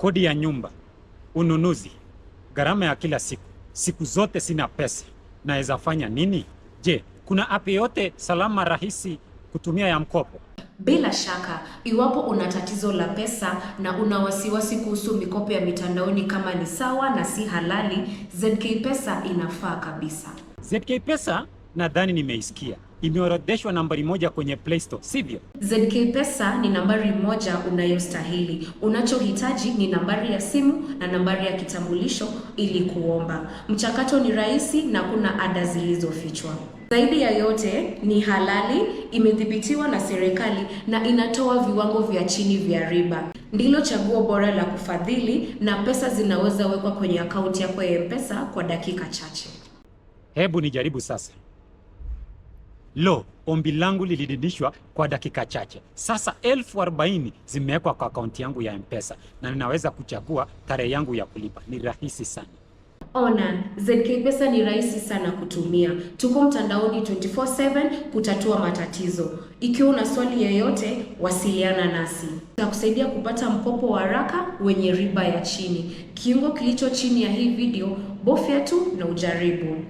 kodi ya nyumba, ununuzi, gharama ya kila siku, siku zote sina pesa, naweza fanya nini? Je, kuna app yote salama rahisi kutumia ya mkopo? Bila shaka, iwapo una tatizo la pesa na una wasiwasi kuhusu mikopo ya mitandaoni kama ni sawa na si halali, ZK Pesa inafaa kabisa. ZK Pesa nadhani nimeisikia imeorodheshwa nambari moja kwenye Play Store, sivyo? ZK Pesa ni nambari moja unayostahili. Unachohitaji ni nambari ya simu na nambari ya kitambulisho ili kuomba. Mchakato ni rahisi na kuna ada zilizofichwa. Zaidi ya yote ni halali, imedhibitiwa na serikali na inatoa viwango vya chini vya riba. Ndilo chaguo bora la kufadhili na pesa zinaweza wekwa kwenye akaunti yako ya M-Pesa kwa dakika chache. Hebu nijaribu sasa. Lo, ombi langu lilididishwa kwa dakika chache. Sasa elfu arobaini zimewekwa kwa akaunti yangu ya Mpesa na ninaweza kuchagua tarehe yangu ya kulipa. Ni rahisi sana. Ona, ZK Pesa ni rahisi sana kutumia. Tuko mtandaoni 24/7 kutatua matatizo. Ikiwa una swali yoyote, wasiliana nasi. Tutakusaidia kupata mkopo wa haraka wenye riba ya chini. Kiungo kilicho chini ya hii video, bofya tu na ujaribu.